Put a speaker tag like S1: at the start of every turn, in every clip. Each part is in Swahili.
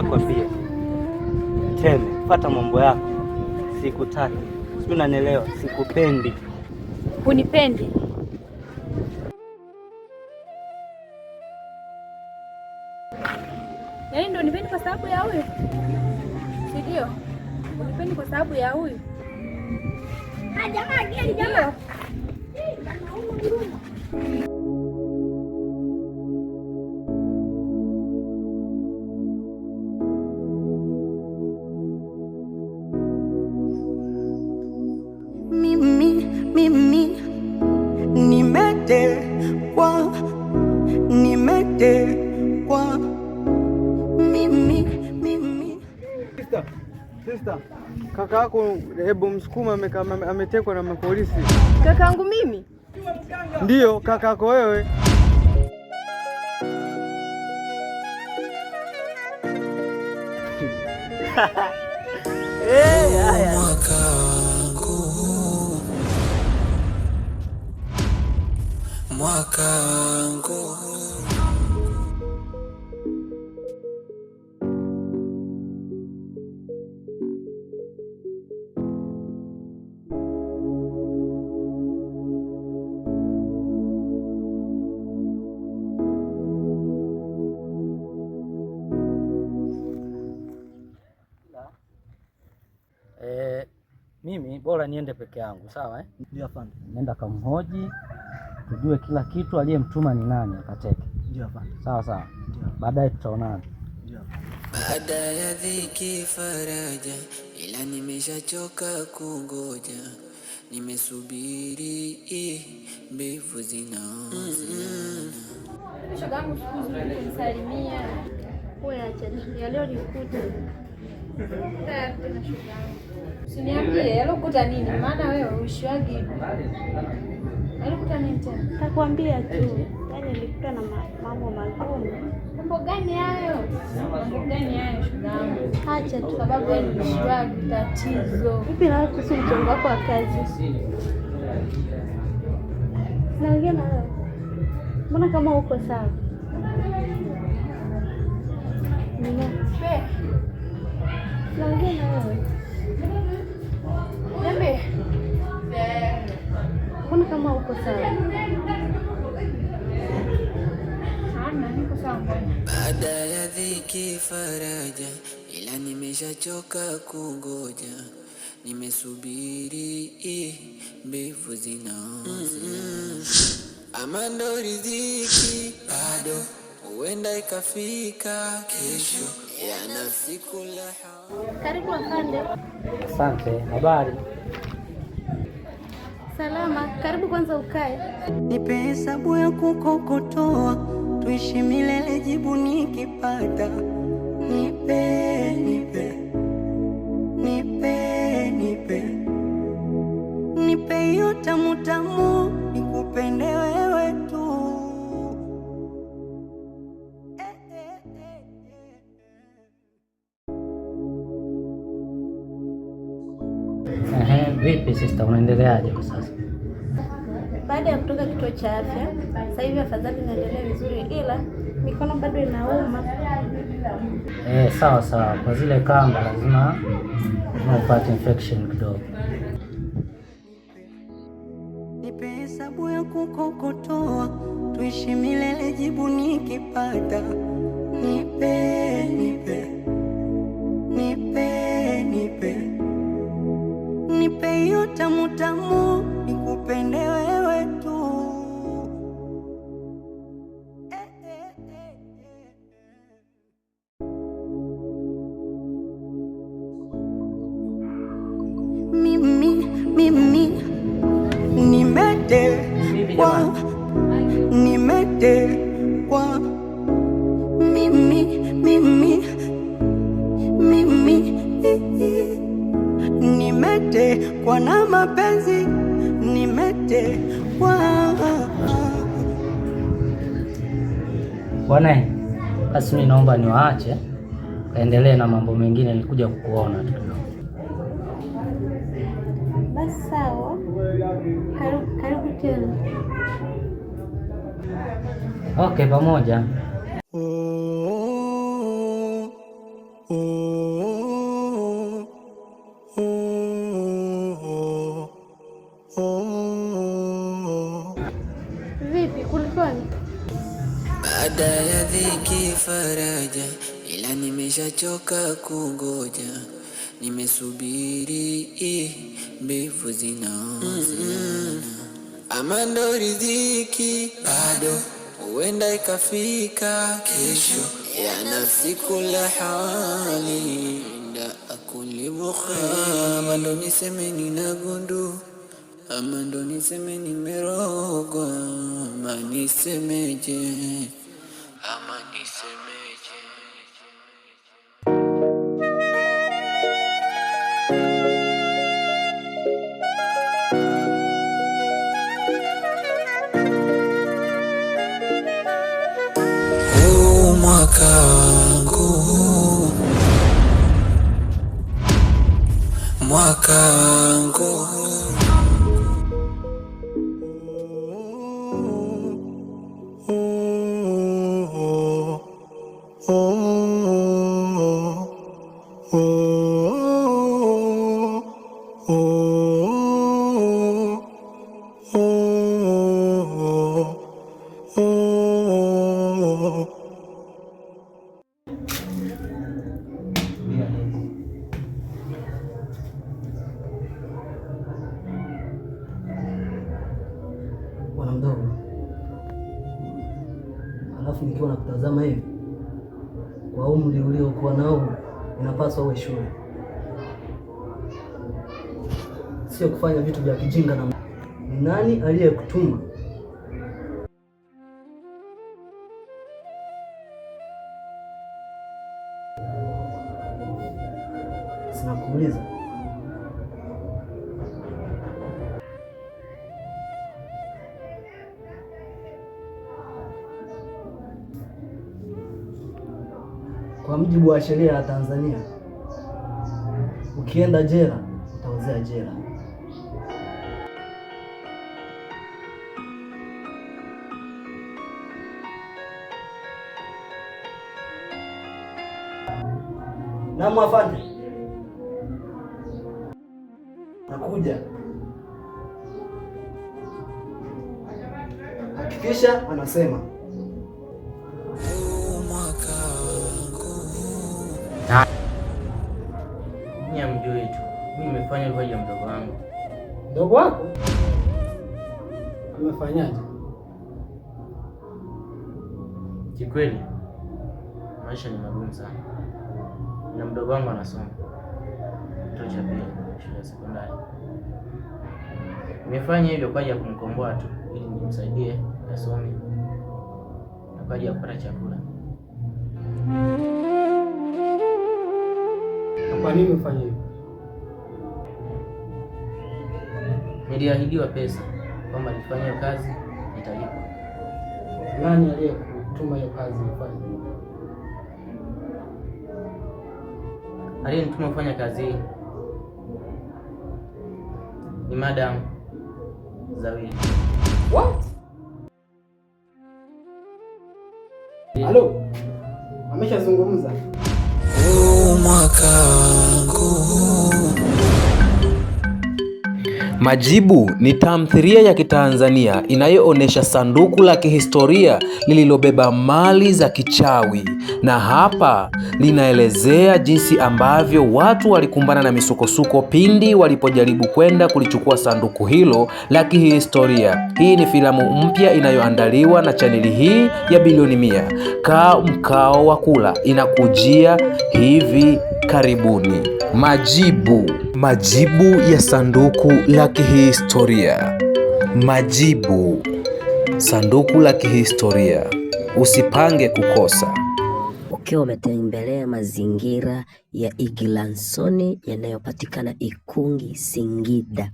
S1: Nishakwambia tena, fuata mambo yako, sikutaki. Sijui unanielewa, sikupendi.
S2: unipendi Yaani ndo unipendi kwa sababu ya huyu, sidio Unipendi kwa sababu ya huyu. Ah, jamaa, jamaa.
S3: Sister, kaka yako hebu msukuma ametekwa na mapolisi.
S2: Kakaangu mimi?
S3: Ndiyo, kaka yako wewe. Mwaka wangu mwaka
S4: bora niende peke yangu, sawa eh? Ndio afande. Nenda kamhoji tujue kila kitu, aliyemtuma ni nani akateke. Ndio afande. Sawa sawa, baadaye tutaonana. Baada ya dhiki faraja, ila nimeshachoka kungoja,
S2: nimesubiri mbivu zinaoza. Usiniambie alikuta yaani nini, maana wewe uishiwagi. Alikuta yaani nini tena?
S5: Takwambia tu, yaani nilikuta na mambo magumu.
S2: Mambo gani hayo? Mambo gani hayo shugangu?
S5: Acha tu, sababu wewe uishiwagi tatizo.
S2: Vipi na kuhusu mchongo wako wa kazi? Naongea na wewe, mbona kama uko sawa? Naongea na wewe niko sawa. Baada ya dhiki faraja, ila nimeshachoka kungoja, nimesubiri mbivu zinaoza mm -mm. riziki bado huenda ikafika kesho, yana siku la. Karibu afande.
S4: Asante, habari
S2: Salama, karibu kwanza ukae. Nipe hesabu ya kukokotoa, tuishi milele, jibu nikipata. Nipe, nipe, nipe, nipe, nipe
S4: hiyo tamutamu, nikupende wewe Vipi sister, unaendeleaje kwa sasa?
S2: Baada ya kutoka kituo cha afya, sasa hivi afadhali naendelea vizuri, ila mikono bado inauma.
S4: Eh, sawa sawa, kwa zile kamba lazima upate infection kidogo. Nipe hesabu ya kukokotoa, tuishi milele, jibu nikipata, nipeni
S6: tamu tamu, nikupende wewe tu. Mimi mimi nimete, nimete kwa na mapenzi, kwa
S4: Bwana basi, mimi naomba niwaache kaendelee na mambo mengine, nilikuja kukuona tu.
S2: Basi sawa, karibu tena.
S4: Okay, pamoja.
S2: nimechoka kungoja, nimesubiri eh, mbivu zinaozana amando riziki bado huenda ikafika kesho yana siku la hali nda akulibukha ama ndo niseme ninagundu ama niseme nimerogwa ama nisemeje
S4: mpaka wangu mwaka wangu Oh alafu nikiwa nakutazama hivi, kwa umri uliokuwa nao inapaswa uwe shule, sio kufanya vitu vya kijinga. Na ni nani aliyekutuma? Sinakuuliza. mujibu wa sheria ya Tanzania, ukienda jela utaozea jela. Na nakuja, hakikisha anasema
S7: mdogo wako amefanyaje?
S4: Kikweli maisha ni magumu sana, na mdogo wangu anasoma kituo cha pili shule ya sekondari. Nimefanya hivyo kwa ajili ya kumkomboa tu, ili nimsaidie asome na kwa ajili ya kupata chakula.
S7: Kwa nini ufanye hivyo?
S4: Niliahidiwa pesa kwamba nifanye hiyo kazi nitalipwa.
S7: Nani aliyekutuma hiyo kazi ufanye?
S4: Aliyenituma kufanya kazi hii ni Madam Zawili. What?
S7: Halo. Ameshazungumza. Mwaka wangu
S8: Majibu ni tamthilia ya Kitanzania inayoonyesha sanduku la kihistoria lililobeba mali za kichawi, na hapa linaelezea jinsi ambavyo watu walikumbana na misukosuko pindi walipojaribu kwenda kulichukua sanduku hilo la kihistoria. Hii ni filamu mpya inayoandaliwa na chaneli hii ya Bilioni Mia. Kaa mkao wa kula inakujia hivi karibuni. Majibu, majibu ya sanduku la kihistoria. Majibu. Sanduku la kihistoria. Usipange kukosa.
S9: Ukiwa umetembelea mazingira ya Iglansoni yanayopatikana Ikungi, Singida,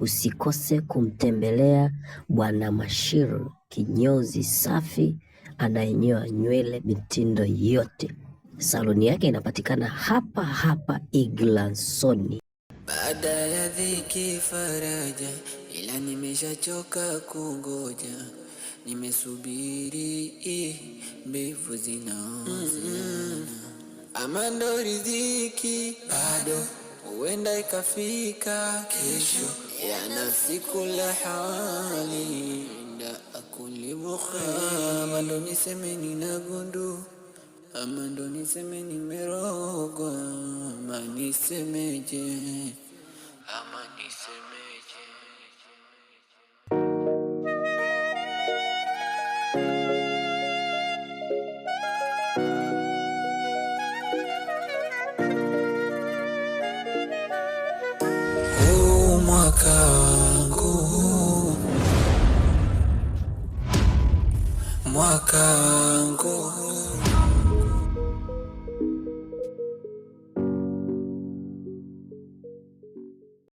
S9: usikose kumtembelea Bwana Mashiru, kinyozi safi anayenyoa nywele mitindo yote. Saloni yake inapatikana hapa hapa Iglansoni. Baada ya dhiki faraja, ila nimeshachoka kungoja, nimesubiri mbivu zinaozana Ama ndo riziki bado, huenda ikafika kesho, yana siku la hawali nda akuli mukhama, ndo niseme ninagundu ama ndo niseme nimerogwa, ama nisemeje? Ama nisemeje? Huu oh, mwaka wangu, mwaka wangu